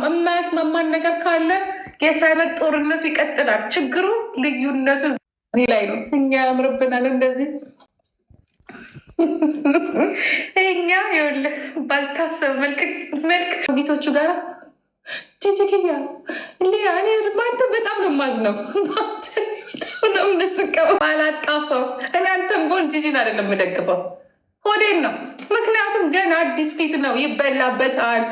የማያስማማን ነገር ካለ የሳይበር ጦርነቱ ይቀጥላል። ችግሩ ልዩነቱ እዚህ ላይ ነው። እኛ ያምርብናል እንደዚህ እኛ የለ ባልታሰብ መልክ መልክ ጌቶቹ ጋር ጅጅግያ ሊያ እኔ በአንተ በጣም ነው የማዝነው። ነው ምስቀው ባላጣው ሰው እኔ አንተን ጎን ጅጅን አይደለም የምደግፈው ሆዴን ነው። ምክንያቱም ገና አዲስ ፊት ነው፣ ይበላበታል።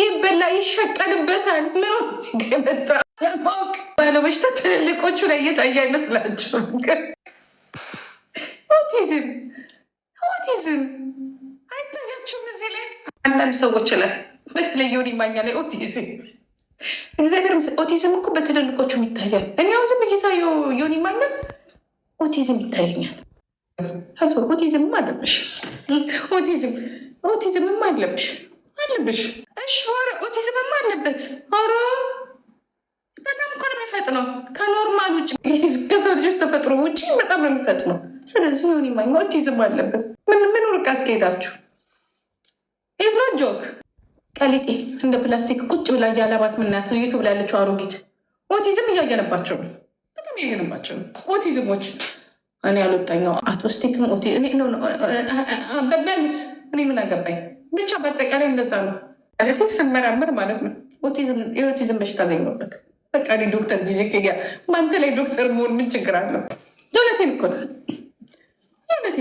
ይበላ ይሸቀልበታል። ነው ገመጣ ለማወቅ ባለበሽታ ትልልቆቹ ላይ እየታየ አይመስላቸው። ኦቲዝም ኦቲዝም አይታያችሁም? እዚህ ላይ አንዳንድ ሰዎች ላይ በተለይ ዮኒ ማኛ ላይ ኦቲዝም እግዚአብሔር ምስ ኦቲዝም እኮ በትልልቆቹም ይታያል። እኔ አሁን ዝም እየሳየው ዮኒ ማኛ ኦቲዝም ይታየኛል። ኦቲዝምም አለብሽ ኦቲዝም ኦቲዝምም አለብሽ አለብሽ። እሺ ወር ኦቲዝምም አለበት። ኧረ በጣም እኮ ነው የሚፈጥነው ከኖርማል ውጭ ከሰው ልጆች ተፈጥሮ ውጭ በጣም ነው የሚፈጥነው። ስለዚህ ሆን ማኝ ኦቲዝም አለበት። ምን ምን ርቅ አስካሄዳችሁ ኖት ጆክ ቀሊጤ እንደ ፕላስቲክ ቁጭ ብላ እያለባት ምናያት ዩቱብ ላይ ያለችው አሮጊት ኦቲዝም እያየነባቸው ነው። በጣም እያየነባቸው ነው ኦቲዝሞች እኔ ያልወጣኛው አቶስቲክም ኦቲ በሚያሉት እኔ ምን አገባኝ። ብቻ በአጠቃላይ እንደዛ ነው ማለት ስመራምር ማለት ነው የኦቲዝም በሽታ አገኘሁበት። በቃ ዶክተር ጂጂክ ያ ላይ ዶክተር መሆን ምን ችግር አለው? የእውነቴን እኮ ነው፣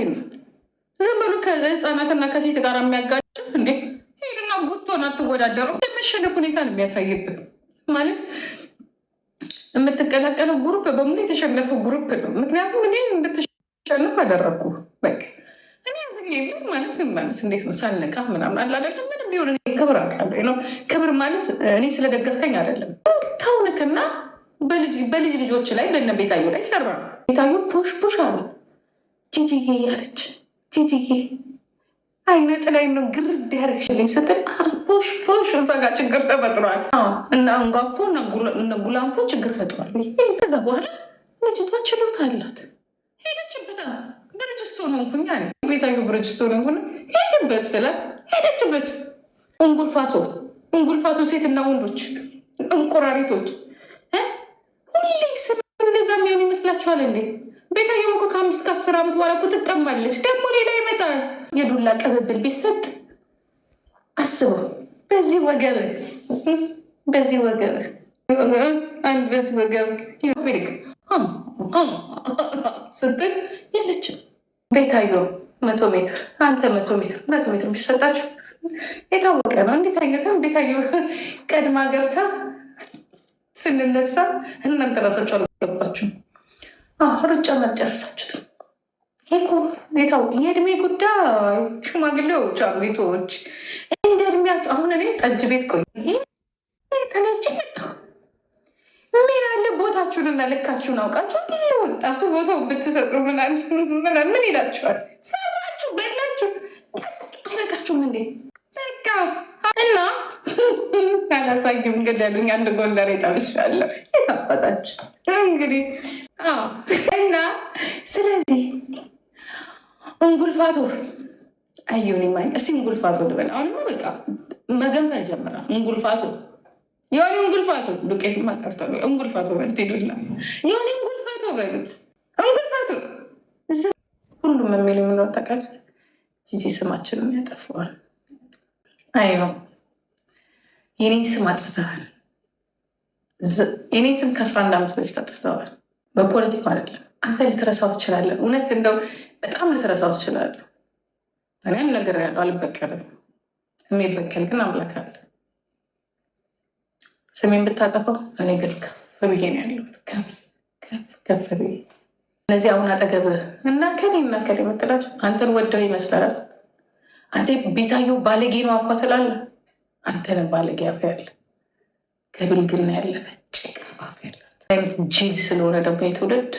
ነው። ዝም ብሎ ከህፃናትና ከሴት ጋር የሚያጋጭ እንዴ ሄዱና ጉቶን አትወዳደሩ። የመሸነፍ ሁኔታ ነው የሚያሳይብን ማለት የምትቀላቀለው ግሩፕ በሙሉ የተሸነፈው ግሩፕ ነው። ምክንያቱም እኔ እንድትሸነፍ አደረግኩ በቃ የለም ማለት ማለት እንዴት ነው ሳልነቃ ምናምን አለ አይደለም። ምንም ቢሆን ክብር አውቃለሁ። ክብር ማለት እኔ ስለደገፍከኝ አይደለም። ተውንክና በልጅ ልጆች ላይ በነ ቤታዩ ላይ ሰራ ቤታዩ ፑሽ ፑሽ አሉ ጂጂዬ ያለች ጂጂዬ አይነት ላይ ነው ግርድ ያደረግሽልኝ ስትል ፑሽ ፑሽ እዛ ጋር ችግር ተፈጥሯል። እና አንጋፎ እነ ጉላንፎ ችግር ፈጥሯል። ከዛ በኋላ ልጅቷ ችሎታ አላት ሄደችበታል። ድርጅስቶ ሆንኩኛ ቤታዊ ድርጅስቶ ሆንኩና ሄድበት ስለ ሄደችበት እንጉልፋቶ እንጉልፋቶ ሴትና ወንዶች እንቁራሪቶች ሁሌ እንደዛ የሚሆን ይመስላችኋል እንዴ? ቤታየው እኮ ከአምስት ከአስር ዓመት በኋላ እኮ ትቀማለች። ደግሞ ሌላ ይመጣል። የዱላ ቅብብል ቢሰጥ አስበው። በዚህ ወገብ በዚህ ወገብህ በዚህ ወገብ ወገብህ ስትል የለችም። ቤታዮ መቶ ሜትር አንተ መቶ ሜትር መቶ ሜትር የሚሰጣቸው የታወቀ ነው። እንዴት አየተ ቤታዮ ቀድማ ገብታ ስንነሳ እናንተ ራሳችሁ አልገባችሁም። ሩጫ አልጨረሳችሁትም። የእድሜ ጉዳይ ሽማግሌዎች አሉ ቶዎች እንደ እድሜያቸው አሁን እኔ ጠጅ ቤት ቆይ ተለያጭ መጣሁ ቦታችሁንና ልካችሁን አውቃችሁ ወጣቱ ቦታው ብትሰጡ ምናል ምን ይላችኋል? ሰራችሁ፣ በላችሁ፣ አረጋችሁም እንዴ በቃ እና አላሳይም ገደሉኝ። አንድ ጎንደር የጠብሻለሁ የታበጣችሁ እንግዲህ እና ስለዚህ እንጉልፋቶ አየሁን ማኝ እስቲ እንጉልፋቶ ልበል። አሁንማ በቃ መገንፈል ጀምራል እንጉልፋቶ የሆነ እንጉልፋቶ ዱቄት ማቀርቶ እንጉልፋቶ በሉት ይዱላ የሆነ እንጉልፋቶ በሉት እንጉልፋቶ እዚ ሁሉም የሚል የሚለው ተቃጭ ጂጂ ስማችንም ያጠፈዋል። አይ ነው የኔ ስም አጥፍተዋል። የኔ ስም ከአስራ አንድ ዓመት በፊት አጥፍተዋል። በፖለቲካ አይደለም። አንተ ልትረሳው ትችላለህ። እውነት እንደው በጣም ልትረሳው ትችላለህ። እኔ ነገር ያለው አልበቀልም። የሚበቀል ግን አምላክ አለ። ስሜን ብታጠፈው እኔ ግን ከፍ ብዬ ነው ያለሁት። ከፍ ከፍ ከፍ ብዬ እነዚህ አሁን አጠገብ እና ከሌ እና ከሌ የምትላቸው አንተን ወደው ይመስላል። አንተ ቤታየው ባለጌ ነው አፏ አንተን ባለጌ አፍ ያለ ከብልግና ያለፈ ጭቅን ባፍ አይነት ጅል ስለሆነ ደግሞ የትውልድ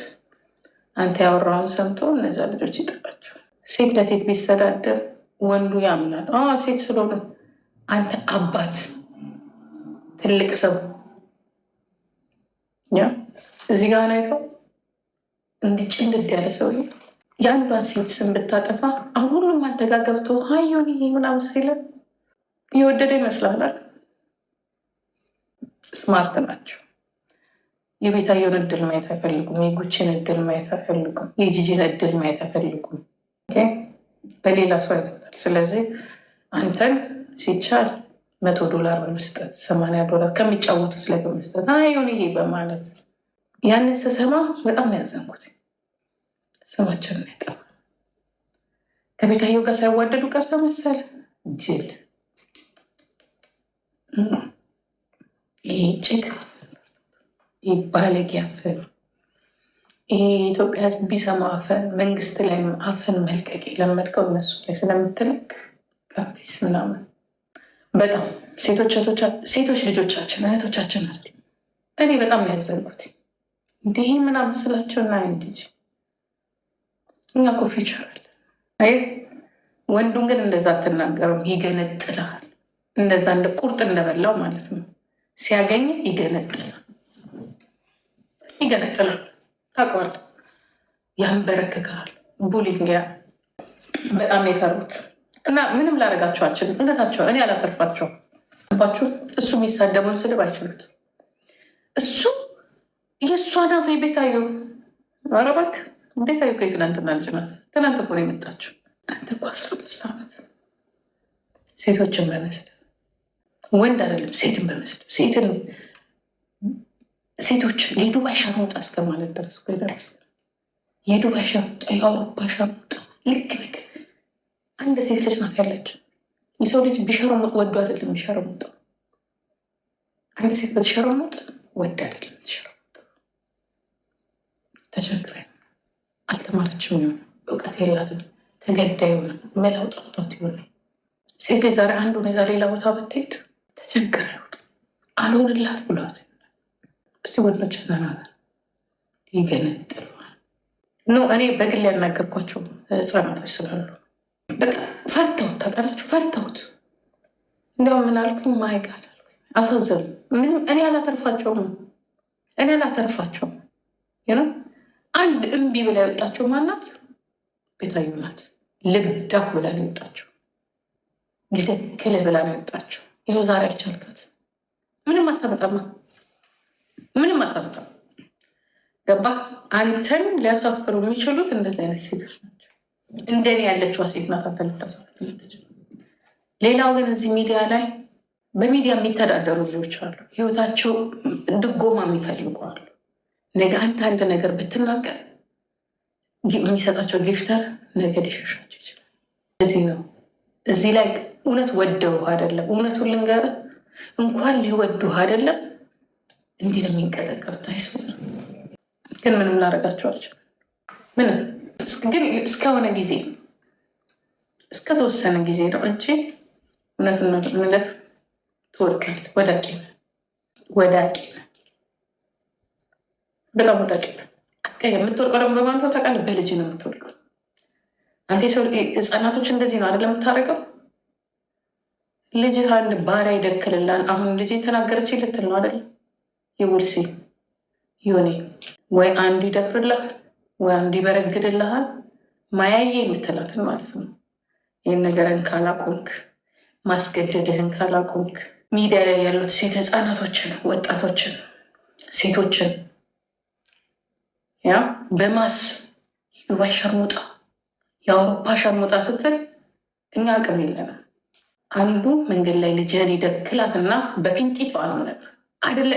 አንተ ያወራውን ሰምቶ እነዛ ልጆች ይጠራቸዋል። ሴት ለሴት ቢሰዳደብ ወንዱ ያምናል ሴት ስለሆነ አንተ አባት ትልቅ ሰው እዚህ ጋር አይቶ እንዲህ ጭንድድ ያለ ሰው የአንዷን ሴት ስም ብታጠፋ አሁን አተጋገብቶ ሀዩን ይሄ ገብቶ ምናምን ሲለ የወደደ ይመስላል። ስማርት ናቸው። የቤታየውን እድል ማየት አይፈልጉም። የጉችን እድል ማየት አይፈልጉም። የጂጂን እድል ማየት አይፈልጉም። በሌላ ሰው አይቶታል። ስለዚህ አንተን ሲቻል መቶ ዶላር በመስጠት ሰማንያ ዶላር ከሚጫወቱት ላይ በመስጠት አይሆን ይሄ በማለት ያንን ስሰማ በጣም ያዘንኩት። ስማቸውን ያጠፋ ከቤታየው ጋር ሳይዋደዱ ቀርተ መሰል ጅል ይሄ ጭቅ ይህ ባለጌ አፈን የኢትዮጵያ ቢሰማ አፈን መንግስት ላይ አፈን መልቀቅ የለመድከው እነሱ ላይ ስለምትለቅ ቀቢስ ምናምን በጣም ሴቶች ልጆቻችን እህቶቻችን አይደል? እኔ በጣም ያዘንኩት እንዲህ ምናምን ስላቸው እና ልጅ እኛ እኮ ፊውቸር አለን። ወንዱን ግን እንደዛ አትናገረው፣ ይገነጥልሃል። እንደዛ እንደ ቁርጥ እንደበላው ማለት ነው። ሲያገኝ ይገነጥላል፣ ይገነጥላል። ታውቀዋለህ፣ ያንበረክካል። ቡሊንግ በጣም የፈሩት እና ምንም ላደርጋቸው አልችልም። እውነታቸው እኔ አላተርፋቸው ባችሁ እሱ የሚሳደበውን ስድብ አይችሉት። እሱ የእሷን ፌ ቤት ኧረ አረባክ እንዴት እኮ የትናንትና ልጅ ናት። ትናንት እኮ ነው የመጣችው። አንተ እኮ አስራ አምስት ዓመት ሴቶችን በመስል ወንድ አይደለም ሴትን በመስል ሴትን ሴቶችን የዱባይ ሻሞጣ እስከማለት ደረስ ደረስ የዱባይ ሻሞጣ የአውሮፓ ሻሞጣ ልክ ልክ አንድ ሴት ልጅ ናት ያለች። የሰው ልጅ ቢሸረሙጥ ወዱ አይደለም የሚሸረሙጠው። አንድ ሴት በተሸረሙጥ ወድ አይደለም ተሸረሙጥ። ተቸግረ አልተማረችም ይሆን እውቀት የላትም ተገዳ ይሆን መላው ጠፍቷት ይሆን ሴት ልጅ ዛሬ አንዱ ሁኔታ ሌላ ቦታ ብትሄድ ተቸግረ ይሆን አልሆንላት ብሏት እስቲ ወንዶች ናናለ ይገነጥሏል። ኖ እኔ በግል ያናገርኳቸው ህፃናቶች ስላሉ በቃ ፈርተውት ታውቃላችሁ፣ ፈርተውት እንዲያው ምን አልኩኝ ማይቃድ አልኩኝ። አሳዘኑ። ምንም እኔ አላተርፋቸውም፣ እኔ አላተርፋቸውም። አንድ እምቢ ብላ የወጣቸው ማናት? ቤታዩ ናት። ልብዳሁ ብላ ነው የወጣቸው፣ ልደክል ብላ ነው የወጣቸው። ይኸው ዛሬ አልቻልካት። ምንም አታመጣማ፣ ምንም አታመጣም። ገባ አንተን ሊያሳፍሩ የሚችሉት እንደዚህ አይነት ሴቶች ነው። እንደኔ ያለችዋ ሴት መፈፈል ሌላው ግን እዚህ ሚዲያ ላይ በሚዲያ የሚተዳደሩ ልጆች አሉ። ህይወታቸው ድጎማ የሚፈልጉ አሉ። ነገ አንተ አንድ ነገር ብትናገር የሚሰጣቸው ጊፍተር ነገ ሊሸሻቸው ይችላል። እዚህ ነው እዚህ ላይ እውነት ውሃ አይደለም። እውነቱን ልንገር እንኳን ሊወዱህ አይደለም እንዲህ ለሚንቀጠቀጡት አይስ ግን ምንም ላደርጋቸው አልችልም ምንም ግን እስከሆነ ጊዜ እስከተወሰነ ጊዜ ነው እንጂ እውነቱን ምለፍ ምንለፍ ትወድቃለህ። ወዳቂ ወዳቂ በጣም ወዳቂ አስቀያ የምትወድቀው ደግሞ በማን ነው ታውቃለህ? በልጅ ነው የምትወድቀው። አንተ ሰው ህፃናቶች እንደዚህ ነው አይደለም የምታደርገው። ልጅ አንድ ባሪያ ይደክልላል። አሁን ልጅ የተናገረች ልትል ነው አይደለም? ይውልሲ ዮኔ ወይ አንድ ይደክርላል ወይም እንዲበረግድልሃል ማያዬ የምትላትን ማለት ነው። ይህን ነገርን ካላቆምክ፣ ማስገደድህን ካላቆምክ ሚዲያ ላይ ያሉት ሴት ህፃናቶችን፣ ወጣቶችን፣ ሴቶችን ያ በማስ ዱባይ ሸርሙጣ፣ የአውሮፓ ሸርሙጣ ስትል እኛ አቅም የለንም። አንዱ መንገድ ላይ ልጅህን ይደክላት እና በፊንጢቷ ነው ነገር አይደለ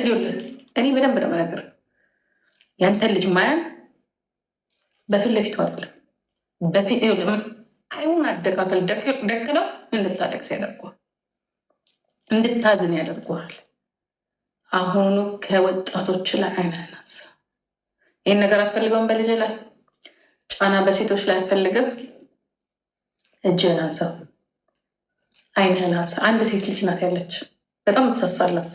እኔ በደንብ ነው ያንተን ልጅ ማያን በፊት ለፊቱ አይደለም። በፊት አይሁን አደካከል ደቅነው እንድታለቅስ ያደርገዋል፣ እንድታዝን ያደርገዋል። አሁኑ ከወጣቶች ላይ አይንህን አንሳ። ይህን ነገር አትፈልገውም። በልጅ ላይ ጫና በሴቶች ላይ አትፈልግም። እጅህን አንሳ፣ አይንህን አንሳ። አንድ ሴት ልጅ ናት ያለች በጣም ትሳሳላት።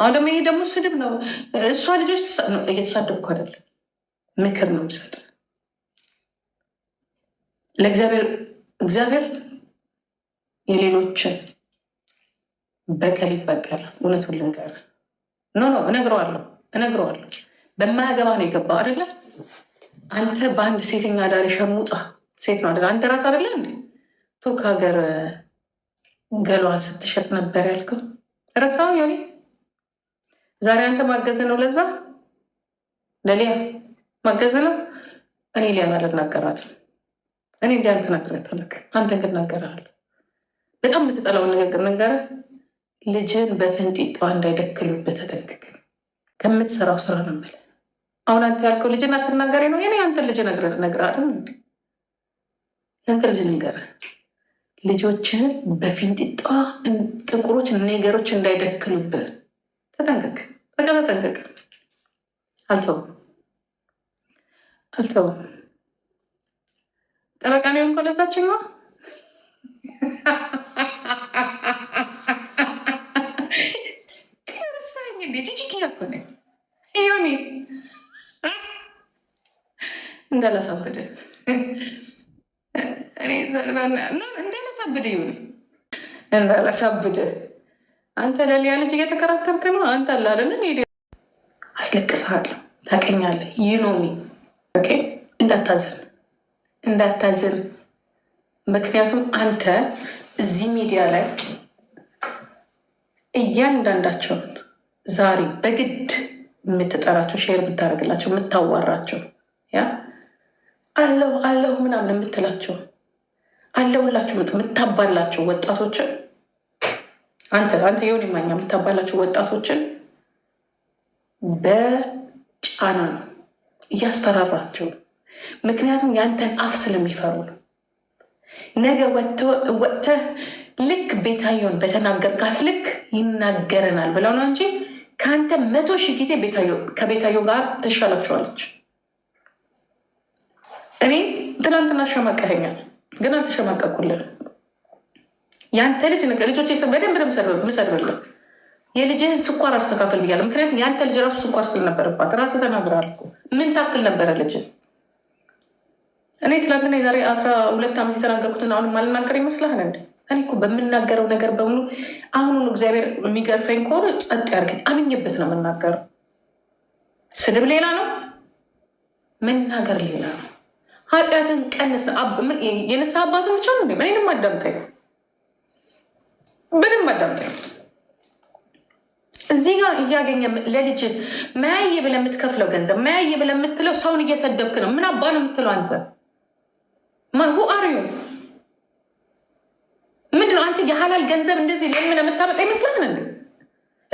አሁን ደግሞ ይሄ ደግሞ ስድብ ነው። እሷ ልጆች እየተሳደብኩ አይደለም፣ ምክር ነው የምሰጥ ለእግዚአብሔር እግዚአብሔር የሌሎችን በቀል ይበቀል። እውነቱን ልንገር ኖ ኖ እነግረዋለሁ እነግረዋለሁ በማያገባ ነው የገባው አደለ? አንተ በአንድ ሴተኛ አዳሪ ሸርሙጣ ሴት ነው አደለ? አንተ ራስ አደለ እንዴ ቱርክ ሀገር ገሏል ስትሸጥ ነበር ያልከው ረሳው። ሆኔ ዛሬ አንተ ማገዘ ነው ለዛ ለሊያ ማገዘ ነው። እኔ ሊያን አልናገራትም እኔ እንዲ አንተ ናገር ታለክ አንተ ግን ናገርሃል። በጣም የምትጠላውን ንግግር ነገረ ልጅን በፈንጢጣ እንዳይደክሉበት ተጠንቀቅ። ከምትሰራው ስራ ነው የምልህ። አሁን አንተ ያልከው ልጅን አትናገሪ ነው። እኔ አንተ ልጅ እነግርሃለሁ። አንተ ልጅ ንገረ ልጆችን በፊንጢጣ ጥቁሮች፣ ነገሮች እንዳይደክሉብህ ተጠንቀቅ። በቃ ተጠንቀቅ። አልተውም አልተውም ጠበቃ ነው የሆንኩ ነው ከርሳኝ እንዴ አንተ ለሊያ ልጅ እየተከራከርክ ነው። አንተ አላደንን ሄ አስለቅሰሃለሁ። ታቀኛለህ። ይኖሚ እንዳታዘን እንዳታዝን። ምክንያቱም አንተ እዚህ ሚዲያ ላይ እያንዳንዳቸውን ዛሬ በግድ የምትጠራቸው ሼር የምታደርግላቸው የምታዋራቸው ያ አለው አለው ምናምን የምትላቸው አለውላቸው የምታባላቸው ወጣቶችን አንተ አንተ የሆን የማኛ የምታባላቸው ወጣቶችን በጫና ነው እያስፈራራቸው ምክንያቱም ያንተን አፍ ስለሚፈሩ ነው። ነገ ወጥተህ ልክ ቤታየውን በተናገርካት ልክ ይናገረናል ብለው ነው እንጂ ከአንተ መቶ ሺህ ጊዜ ከቤታየው ጋር ትሻላቸዋለች። እኔ ትናንትና አሸማቀኸኛል፣ ግን አልተሸማቀቁልን። ያንተ ልጅ ነገ ልጆች በደንብ ምሰድብልን የልጅህን ስኳር አስተካከል ብያለሁ። ምክንያቱም የአንተ ልጅ ራሱ ስኳር ስለነበረባት ራስህ ተናግራል። ምን ታክል ነበረ ልጅ እኔ ትናንትና የዛሬ አስራ ሁለት ዓመት የተናገርኩትን አሁንም አልናገር ይመስላል እንዴ? እኔ እኮ በምናገረው ነገር በሙሉ አሁኑን እግዚአብሔር የሚገርፈኝ ከሆነ ጸጥ ያርገኝ። አምኜበት ነው የምናገረው። ስድብ ሌላ ነው፣ መናገር ሌላ ነው። ኃጢአትን ቀንስ ነው። የንስሐ አባት ብቻ ነው። እኔንም አዳምጠኝ፣ ምንም አዳምጠኝ። እዚህ ጋር እያገኘ ለልጅ መያየ ብለህ የምትከፍለው ገንዘብ መያየ ብለህ የምትለው ሰውን እየሰደብክ ነው። ምን አባ ነው የምትለው አንተ? ማሁ አርዩ ምንድነው? አንተ የሀላል ገንዘብ እንደዚህ ለምን የምታመጣ ይመስላል? ምን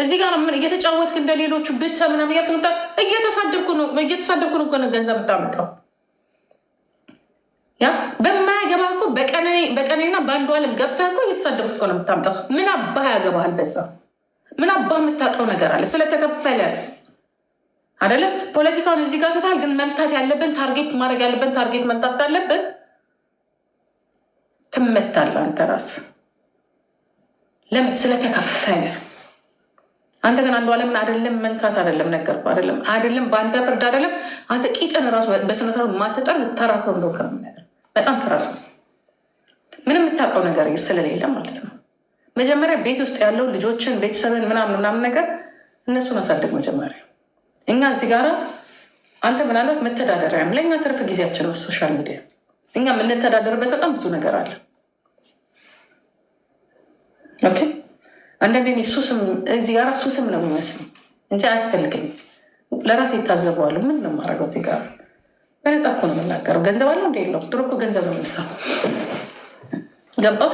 እዚህ ጋር ምን እየተጫወትክ እንደ ሌሎቹ ብቻ ምናምን ያልተመጣ እየተሳደብኩ ነው እየተሳደብኩ ነው ገንዘብ የምታመጣው ያ በማያገባ እኮ በቀኔና በአንዱ አለም ገብታ እኮ እየተሳደብኩ ነው የምታመጣው። ምን አባህ ያገባሃል? በዛ ምን አባህ የምታውቀው ነገር አለ? ስለተከፈለ አደለ ፖለቲካውን እዚህ ጋር ትታል። ግን መምታት ያለብን ታርጌት ማድረግ ያለብን ታርጌት መምታት ካለብን ትመታለ አንተ ራስ ለምን ስለተከፈለ። አንተ ግን አንዱ አለምን አይደለም መንካት አይደለም ነገርኩህ፣ አይደለም አይደለም በአንተ ፍርድ አይደለም። አንተ ቂጥን ራሱ በስነስራ ማትጠር ተራሰው ሰው እንደው ከምናገር በጣም ተራ ምንም የምታውቀው ነገር ስለሌለ ማለት ነው። መጀመሪያ ቤት ውስጥ ያለው ልጆችን፣ ቤተሰብን ምናምን ምናምን ነገር እነሱን አሳድግ መጀመሪያ። እኛ እዚህ ጋራ አንተ ምናልባት መተዳደሪያም ለእኛ ትርፍ ጊዜያችን ነው ሶሻል ሚዲያ እኛ የምንተዳደርበት በጣም ብዙ ነገር አለ። አንዳንዴ ሱስም እዚህ ጋር ሱስም ነው የሚመስለኝ እንጂ አያስፈልገኝም። ለራሴ ይታዘበዋሉ። ምን ነው የማደርገው? እዚህ ጋር በነፃ እኮ ነው የምናገረው። ገንዘብ አለው እንደ የለውም። ድሮ እኮ ገንዘብ ነው የምንሰራው። ገባው።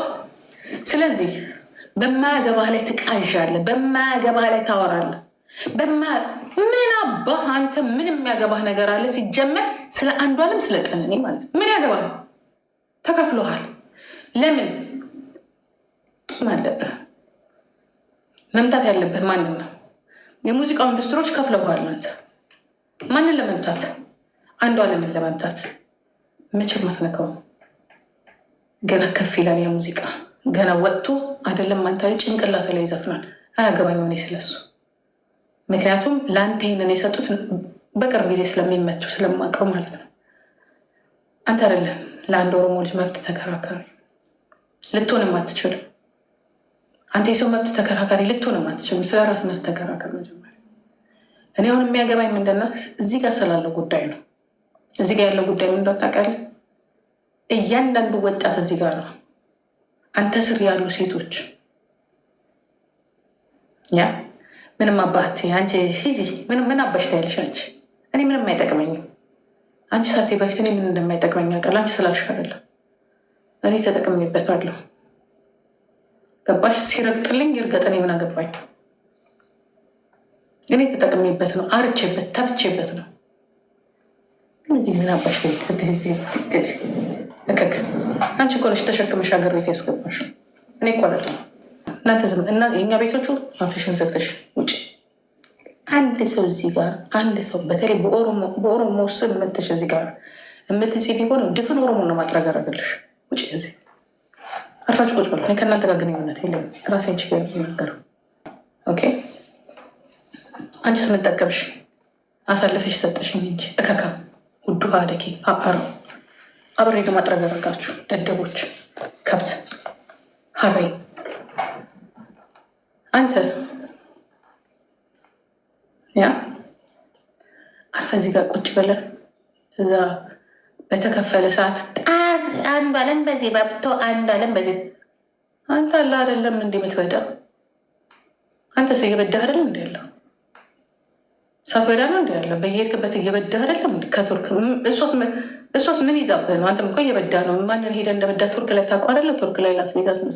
ስለዚህ በማያገባህ ላይ ትቃዣለህ፣ በማያገባህ ላይ ታወራለህ። አባህ አንተ ምን የሚያገባህ ነገር አለ? ሲጀመር ስለ አንዱ አለም ስለ ቀነኔ ማለት ነው ምን ያገባህ? ተከፍሎሃል። ለምን ቂም አለብህ? መምታት ያለብህ ማንን ነው? የሙዚቃው ኢንዱስትሪዎች ከፍለውሃል። ናት ማንን ለመምታት? አንዱ አለምን ለመምታት መቼም አትነካውም። ገና ከፍ ይላል የሙዚቃ ገና ወጥቶ አይደለም አንተ ላይ ጭንቅላት ላይ ይዘፍናል። አያገባኝ ሆኔ ስለሱ ምክንያቱም ለአንተ ይህንን የሰጡት በቅርብ ጊዜ ስለሚመቸው ስለማውቀው ማለት ነው። አንተ አይደለም ለአንድ ኦሮሞ ልጅ መብት ተከራካሪ ልትሆንም አትችልም። አንተ የሰው መብት ተከራካሪ ልትሆንም አትችልም። ስለ ራስ መብት ተከራከር መጀመሪያ። እኔ አሁን የሚያገባኝ ምንድን እዚህ ጋር ስላለው ጉዳይ ነው። እዚህ ጋር ያለው ጉዳይ ምንድን እያንዳንዱ ወጣት እዚህ ጋር ነው። አንተ ስር ያሉ ሴቶች ያ ምንም አባት አንቺ ሂጂ ምን አባሽ ታያለሽ? አንቺ እኔ ምንም አይጠቅመኝም። አንቺ ሳቴ በፊት እኔ ምን እንደማይጠቅመኝ አውቃለሁ። አንቺ ስላልሽ አይደለም እኔ ተጠቅሜበታለሁ። ገባሽ? ሲረግጥልኝ ይርገጥ፣ እኔ ምን አገባኝ? እኔ ተጠቅሜበት ነው፣ አርቼበት ተፍቼበት ነው። ምን አባሽ እከክ አንቺ እኮ ነሽ ተሸክመሽ ሀገር ቤት ያስገባሽ እኔ እኮ አይደለም እናንተ ዝም እና የኛ ቤቶቹ አፍሽን ዘግተሽ ውጭ። አንድ ሰው እዚህ ጋር አንድ ሰው በተለይ በኦሮሞ ስም መተሽ እዚህ ጋር የምትጽፊ ቢሆን ድፍን ኦሮሞ ነው ማቅረገረግልሽ። ውጭ እዚህ አርፋች ቁጭ በሉ። ከእናንተ ጋር ግንኙነት የለም። ራሴን ችግር ነገር አንቺ ስንጠቀምሽ አሳልፈሽ ሰጠሽ እንጂ እከካ ውዱ አደኬ አአር አብሬ ለማጥረገረጋችሁ ደደቦች ከብት ሀሬ አንተ ያ አርፈ እዚህ ጋር ቁጭ ብለን እዛ በተከፈለ ሰዓት አንዱ አለም በዚህ ባብቶ አንዱ አለም በዚህ አንተ አለ አይደለም እንዴ ምትበዳ አንተ ሰው የበዳ አይደለም እንዲ ያለው ሳትበላ ነው እንዲ ያለ በየሄድክበት እየበዳህ አይደለም። ከቱርክ እሷስ ምን ይዛብህ ነው? አንተም እኮ እየበዳ ነው። ማንን ሄደ እንደበዳ ቱርክ ላይ ታውቀው አይደለ? ቱርክ ላይ ላስቬጋስ ነው።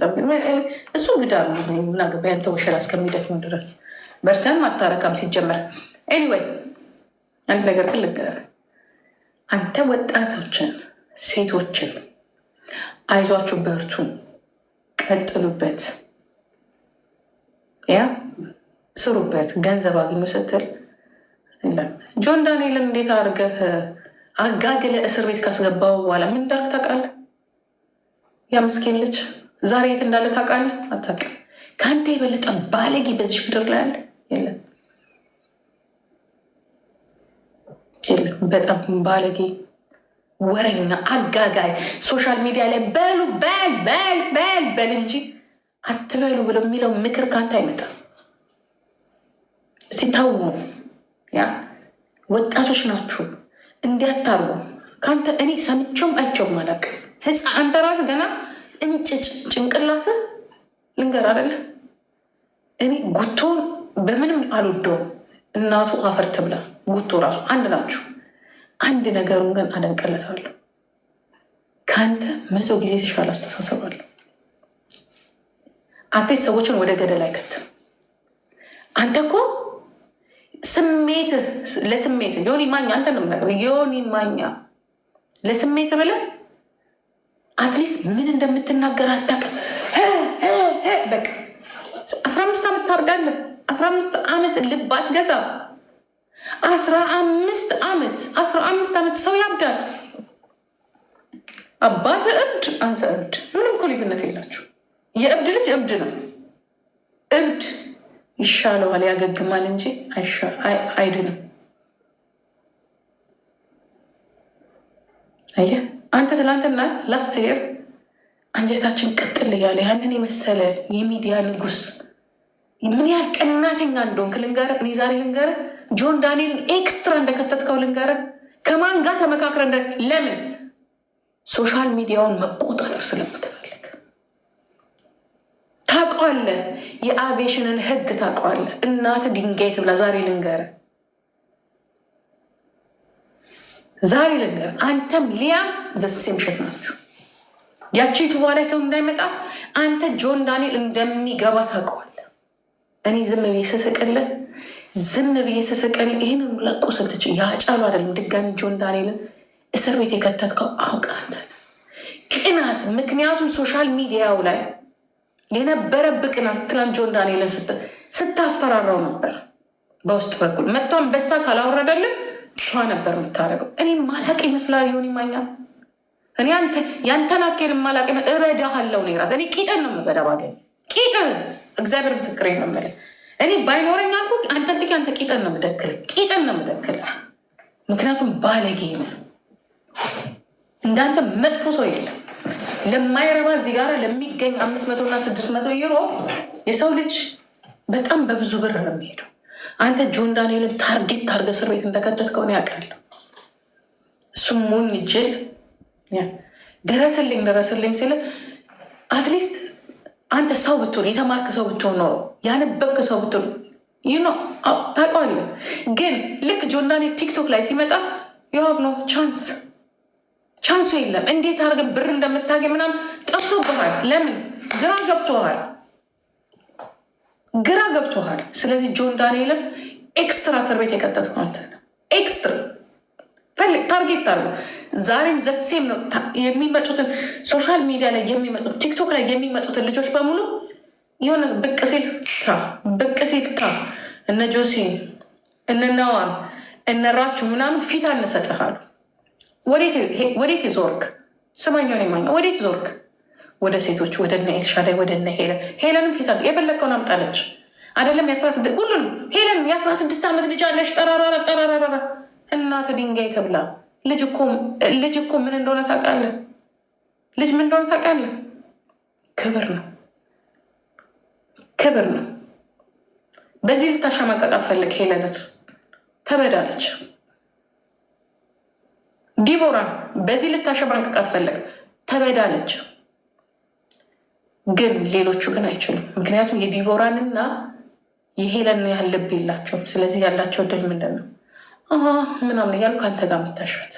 እሱ ግዳ ነው ምናገባ። ያንተ ወሸላ እስከሚደክም ድረስ በርተን ማታረካም ሲጀመር። ኤኒዌይ አንድ ነገር ግን ልገር፣ አንተ ወጣቶችን ሴቶችን አይዟችሁ፣ በርቱ፣ ቀጥሉበት፣ ያ ስሩበት፣ ገንዘብ አግኙ ስትል ጆን ዳንኤልን እንዴት አድርገህ አጋግለ እስር ቤት ካስገባው በኋላ ምን እንዳልክ ታውቃለህ? ያ ምስኪን ልጅ ዛሬ የት እንዳለ ታውቃለህ? አታውቅም። ከአንተ የበለጠ ባለጌ በዚሽ ምድር ላይ አለ? የለም፣ የለም። በጣም ባለጌ ወረኛ፣ አጋጋይ ሶሻል ሚዲያ ላይ በሉ በል በል በል በል እንጂ አትበሉ ብሎ የሚለው ምክር ከአንተ አይመጣም። ሲታው ያ ወጣቶች ናችሁ እንዲያታርጉ ከአንተ እኔ ሰምቸውም አይቸውም አላውቅም። ህፃ አንተ ራስ ገና እንጭጭ ጭንቅላት ልንገር አይደለ እኔ ጉቶን በምንም አልወደውም። እናቱ አፈር ትብላ። ጉቶ ራሱ አንድ ናችሁ። አንድ ነገሩን ግን አደንቅለታለሁ ከአንተ መቶ ጊዜ የተሻለ አስተሳሰብ አለው። አትሊስት ሰዎችን ወደ ገደል አይከትም። አንተ እኮ ስሜትህ ለስሜት ዮኒ ማኛ አንተ ነው ዮኒ ማኛ ለስሜት ብለህ አትሊስት ምን እንደምትናገር አታውቅም። በቃ አስራ አምስት ዓመት ታብዳለህ። አስራ አምስት ዓመት ልብ አትገዛም። አስራ አምስት ዓመት አስራ አምስት ዓመት ሰው ያብዳል። አባት እብድ፣ አንተ እብድ። ምንም እኮ ልዩነት የላችሁ። የእብድ ልጅ እብድ ነው እብድ ይሻለዋል፣ ያገግማል እንጂ አይድንም። አየ አንተ ትላንትና ላስት ር አንጀታችን ቅጥል እያለ ያንን የመሰለ የሚዲያ ንጉስ ምን ያህል ቀናተኛ እንደሆንክ ልንገርህ። እኔ ዛሬ ልንገርህ፣ ጆን ዳንኤል ኤክስትራ እንደከተትከው ልንገርህ። ከማን ጋር ተመካክረ ለምን ሶሻል ሚዲያውን መቆጣጠር ስለምትል ታቋለ የአቪዬሽንን ህግ ታቋለ። እናት ድንጋይ ትብላ። ዛሬ ልንገር፣ ዛሬ ልንገር፣ አንተም ሊያም ዘሴም ሸት ናችሁ። ያቺ ቱባ ላይ ሰው እንዳይመጣ አንተ ጆን ዳንኤል እንደሚገባ ታውቀዋለህ። እኔ ዝም ብዬ ስስቅልህ ዝም ብዬ ስስቅል ይህን ለቆ ስልትች ያጫሉ አይደለም ድጋሚ ጆን ዳንኤልን እስር ቤት የከተትከው አውቃ ቅናት። ምክንያቱም ሶሻል ሚዲያው ላይ የነበረብህ ቅናት ትናንት ጆን ዳንኤልን ስታስፈራራው ነበር። በውስጥ በኩል መቶ አንበሳ ካላወረደልን ሸዋ ነበር የምታደርገው። እኔ ማላቅ ይመስላል ሆን ይማኛል እኔ አንተ ያንተን አካሄድ ማላቅ እረዳሃለሁ። እኔ ራስ እኔ ቂጥን ነው የምበላ ባገኝ ቂጥ እግዚአብሔር ምስክሬ ነው የምልህ። እኔ ባይኖረኝ አልኩ አንተ ልክ አንተ ቂጥን ነው የምደክልህ፣ ቂጥን ነው የምደክልህ። ምክንያቱም ባለጌ ነው። እንዳንተ መጥፎ ሰው የለም። ለማይረባ እዚህ ጋር ለሚገኝ አምስት መቶ እና ስድስት መቶ ዩሮ የሰው ልጅ በጣም በብዙ ብር ነው የሚሄደው። አንተ ጆን ዳንኤልን ታርጌት ታርገ እስር ቤት እንደከተት ከሆነ ያውቃል። ስሙን ይችል ደረስልኝ ደረስልኝ ሲል አትሊስት አንተ ሰው ብትሆን የተማርክ ሰው ብትሆን ኖሮ ያነበብክ ሰው ብትሆን ታውቀዋለህ። ግን ልክ ጆን ዳንኤል ቲክቶክ ላይ ሲመጣ ዩ ሃቭ ኖ ቻንስ ቻንሱ የለም። እንዴት አድርገን ብር እንደምታገኝ ምናምን ጠፍቶብሃል። ለምን ግራ ገብቶሃል፣ ግራ ገብቶሃል። ስለዚህ ጆን ዳንኤልን ኤክስትራ እስር ቤት የቀጠጥከው አንተ ነህ። ኤክስትራ ፈልግ፣ ታርጌት ታርጉ። ዛሬም ዘሴም ነው የሚመጡትን ሶሻል ሚዲያ ላይ የሚመጡት ቲክቶክ ላይ የሚመጡትን ልጆች በሙሉ የሆነ ብቅ ሲል ታ ብቅ ሲል ታ እነ ጆሴ እነ ነዋን እነ ራችሁ ምናምን ፊት አንሰጥሃሉ ወዴት ዞርክ? ስማኛውን ማ ወዴት ዞርክ? ወደ ሴቶች ወደ እነ ኤልሻዳይ ወደ እነ ሄለን ሄለንም ፊታ የፈለግከውን አምጣለች አይደለም ሁሉን ሄለን የአስራ ስድስት ዓመት ልጅ አለሽ ጠራራ ጠራራ እናተ ድንጋይ ተብላ ልጅ እኮ ምን እንደሆነ ታውቃለህ? ልጅ ምን እንደሆነ ታውቃለህ? ክብር ነው፣ ክብር ነው። በዚህ ልታሸማቀቅ አትፈልግ። ሄለንን ተበዳለች። ዲቦራ በዚህ ልታሸማቅቃት ፈለግ ተበዳለች። ግን ሌሎቹ ግን አይችሉም። ምክንያቱም የዲቦራንና የሄለን ያህል ልብ የላቸውም። ስለዚህ ያላቸው ድል ምንድን ነው ምናምን እያሉ ከአንተ ጋር የምታሸት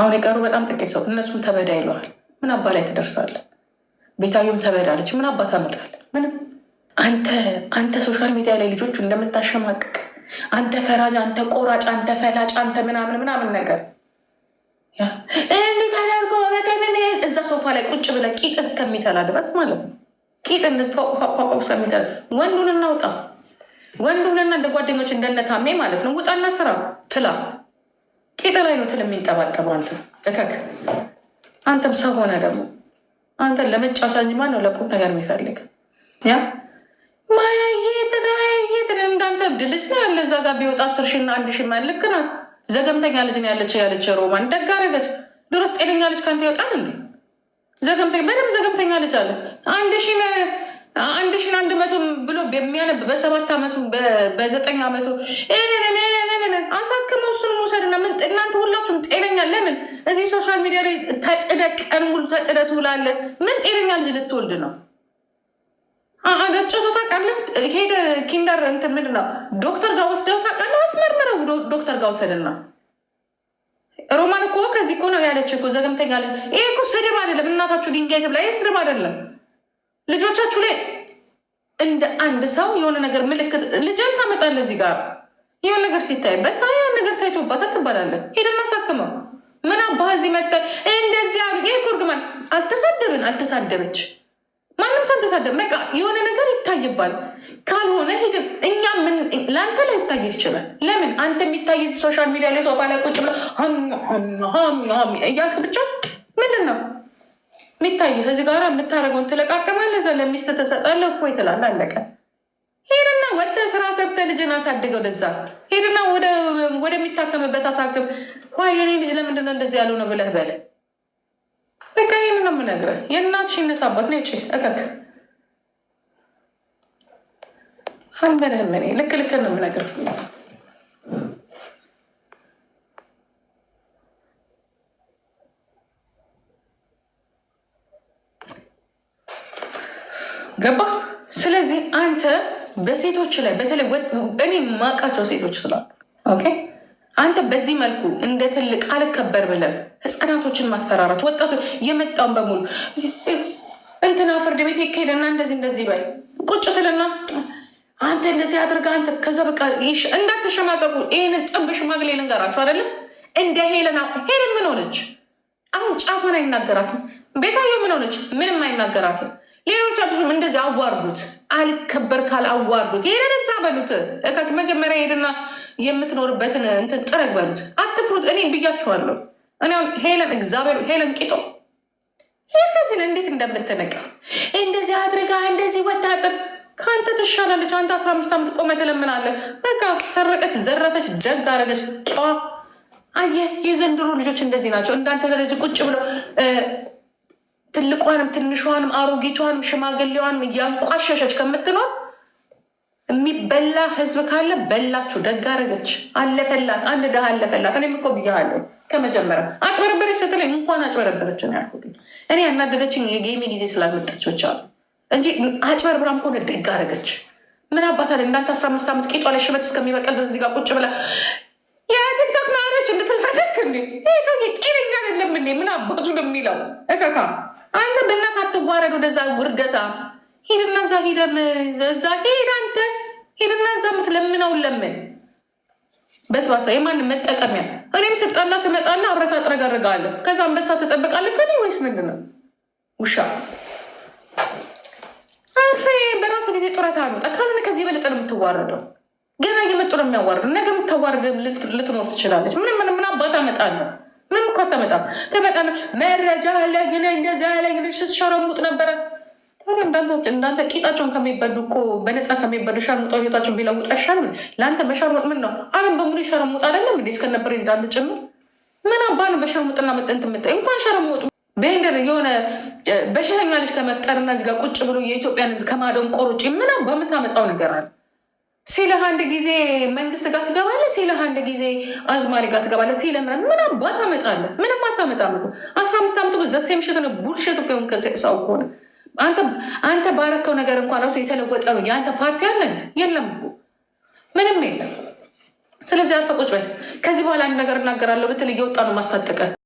አሁን የቀሩ በጣም ጥቂት ሰው እነሱም ተበዳ ይለዋል። ምን አባ ላይ ትደርሳለ? ቤታዩም ተበዳለች። ምን አባ ታመጣለ? ምንም አንተ አንተ ሶሻል ሚዲያ ላይ ልጆቹ እንደምታሸማቅቅ አንተ ፈራጅ፣ አንተ ቆራጭ፣ አንተ ፈላጭ፣ አንተ ምናምን ምናምን ነገር እንዴት በቀንን እዛ ሶፋ ላይ ቁጭ ብለ ቂጥ እስከሚተላ ድረስ ማለት ነው። ቂጥ ፎቅፎቅ እስከሚተላ ወንዱን እናውጣ፣ ወንዱን እና እንደ ጓደኞች እንደነታሜ ማለት ነው። ውጣና ስራ ትላ ቂጥ ላይ ነው ትል የሚንጠባጠበው አንተ እከክ። አንተም ሰው ሆነ ደግሞ አንተ ለመጫወቻ እንጂ ማነው ለቁም ነገር የሚፈልግ ያ ማያየትን እንዳንተ እብድልች ነው ያለ እዛ ጋር ቢወጣ አስር ሺና አንድ ሺ ልክ ናት። ዘገምተኛ ልጅ ነው ያለች ያለች ሮማን ደግ አደረገች። ድሮስ ጤነኛ ልጅ ከአንተ ይወጣል እንዴ? ዘገምተኛ በደምብ ዘገምተኛ ልጅ አለ አንድ ሺ አንድ ሺን አንድ መቶ ብሎ የሚያነብ በሰባት ዓመቱ በዘጠኝ ዓመቱ አሳክመው እሱን መውሰድና ምን እናንተ ሁላችሁም ጤነኛ ለምን እዚህ ሶሻል ሚዲያ ላይ ተጥደ ቀን ሙሉ ተጥደ ትውላለህ? ምን ጤነኛ ልጅ ልትወልድ ነው? አጋጨው ታውቃለህ? ሄደ ኪንደር እንትን ምንድን ነው ዶክተር ጋር ወስደው ታውቃለህ? አስመርምረው ዶክተር ጋር ወሰድን ነው ሮማን እኮ ከዚህ እኮ ነው ያለች እኮ ዘገምተኛ ልጅ። ይሄ እኮ ስድብ አይደለም። እናታችሁ ድንጋይ ትብላ። ይሄ ስድብ አይደለም። ልጆቻችሁ ላይ እንደ አንድ ሰው የሆነ ነገር ምልክት ልጅን ታመጣለህ። እዚህ ጋር የሆነ ነገር ሲታይበት ያን ነገር ታይቶባት ትባላለህ። ሄደና ሳክመው ምን አባህ እዚህ መጠን እንደዚህ አሉ። ይሄ እኮ እርግማን። አልተሳደብን፣ አልተሳደበች ማንም ሰው አልተሳደበም። በቃ የሆነ ነገር ይታይባል። ካልሆነ ሄድ እኛ ምን ለአንተ ላይ ይታይ ይችላል። ለምን አንተ የሚታይ ሶሻል ሚዲያ ላይ ሶፋ ላይ ቁጭ ብለህ እያልክ ብቻ ምንድን ነው የሚታይ? እዚህ ጋር የምታደርገውን ትለቃቅማለህ፣ እዛ ለሚስት ትሰጣለህ፣ እፎይ ትላለህ፣ አለቀ። ሄድና ወደ ስራ ሰርተ ልጅን አሳድገው፣ ደዛ ሄድና ወደሚታከምበት አሳክም። የኔ ልጅ ለምንድነው እንደዚህ ያልሆነ ብለህ በል በቃ ይህን ነው የምነግርህ። የእናትሽን ነሳባት ነው እከክ አልመንህም። እኔ ልክ ልክ ነው የምነግርህ። ገባ። ስለዚህ አንተ በሴቶች ላይ በተለይ እኔ ማውቃቸው ሴቶች ስላሉ ኦኬ አንተ በዚህ መልኩ እንደ ትልቅ አልከበር ብለን ህፃናቶችን ማስፈራራት ወጣቱ የመጣውን በሙሉ እንትና ፍርድ ቤት ይካሄደና እንደዚህ እንደዚህ ባይ ቁጭ ትልና አንተ እንደዚህ አድርገ አንተ ከዛ በቃ እንዳትሸማቀቁ። ይህንን ጥንብ ሽማግሌ ልንገራችሁ አይደለም እንደ ሄለና ሄለን ምን ሆነች? አሁን ጫፏን አይናገራትም። ቤታየ ምን ሆነች? ምንም አይናገራትም። ሌሎቻችሁም እንደዚህ አዋርዱት። አልከበር ካል አዋርዱት። ይሄንን እዛ በሉት መጀመሪያ ሄድና የምትኖርበትን እንትን ጥረግ በሉት። አትፍሩት። እኔ ብያችኋለሁ። እኔ ሄለን እግዚአብሔር ሄለን ቂጦ ይህ ከዚህ እንዴት እንደምትነቃ እንደዚህ አድርጋ እንደዚህ ወታጠብ ከአንተ ትሻላለች። አንተ አስራ አምስት ዓመት ቆመ ትለምናለ። በቃ ሰረቀች፣ ዘረፈች፣ ደግ አረገች። ጧ አየህ፣ የዘንድሮ ልጆች እንደዚህ ናቸው። እንዳንተ ለዚህ ቁጭ ብለው ትልቋንም ትንሿንም አሮጊቷንም ሽማግሌዋንም እያንቋሸሸች ከምትኖር የሚበላ ህዝብ ካለ በላችሁ፣ ደግ አደረገች። አለፈላት፣ አንድ ድሃ አለፈላት። እኔም እኮ ብያለሁ ከመጀመሪያ አጭበረበረች ስትለኝ እንኳን አጭበረበረች ነው ያልኩት። እኔ ያናደደችኝ የጌሚ ጊዜ ስላልመጣች ብቻ እንጂ አጭበርብራም ከሆነ ደግ አደረገች። ምን አባታል እንዳንተ አስራ አምስት ዓመት ቂጧ ላይ ሽበት እስከሚበቀል ድረስ እዚህ ጋ ቁጭ ብላ የቲክቶክ ነዋሪዎች እንድትልፈደክ እንዴ? ይህ ሰው ጤነኛ አይደለም እንዴ? ምን አባቱ ነው የሚለው? እከካ አንተ በእናትህ አትዋረድ። ወደዛ ውርደታ ሂድና እዛ ሂደም እዛ ሂድ አንተ ሄድና እዛ የምትለምነውን ለምን በስባሳ የማን መጠቀሚያ። እኔም ስልጣና ትመጣና አብረት አጥረጋርጋለሁ። ከዛ አንበሳ ትጠብቃለህ ከኔ ወይስ ምንድን ነው? ውሻ አርፌ በራሱ ጊዜ ጡረታ አልወጣ ካልሆነ ከዚህ በለጠ ነው የምትዋረደው። ገና እየመጡ ነው የሚያዋርደው። ነገ የምታዋርድ ልትኖር ትችላለች። ምንም ምንም ምን አባት አመጣለሁ ምንም እኮ አታመጣም። ትመጣና መረጃ አለ ግን እንደዚህ አለ ግን ስትሸረሙጥ ነበረ እንዳንተ ቂጣቸውን ከሚበዱ እኮ በነፃ ከሚበዱ ሸርሙጣ ህይወታቸውን ቢለውጡ አይሻልም? ለአንተ መሸርሙጥ ምን ነው? አለም በሙሉ የሸረሙጥ አይደለም እንዴ? እስከነ ፕሬዚዳንት ጭምር ምን አባን በሸርሙጥና መጠን ትምጠ እንኳን ሸርሙጡ ቤንደር የሆነ በሽተኛ ልጅ ከመፍጠርና እዚህ ጋር ቁጭ ብሎ የኢትዮጵያን ህዝብ ከማደንቆር ውጭ ምን በምታመጣው ነገር አለ? ሲለህ አንድ ጊዜ መንግስት ጋር ትገባለህ፣ ሲለህ አንድ ጊዜ አዝማሪ ጋር ትገባለህ። ሲለህ ምን ምን አባ ታመጣለህ? ምንም አታመጣም። አስራ አምስት ዓመት ዘሴ ምሽት ነው ቡልሸት ሰው ከሆነ አንተ ባረከው ነገር እንኳን ራሱ የተለወጠ ነው። የአንተ ፓርቲ አለን የለም እኮ ምንም የለም። ስለዚህ አልፈ ቁጭ በል። ከዚህ በኋላ አንድ ነገር እናገራለሁ ብትል እየወጣ ነው ማስታጠቀ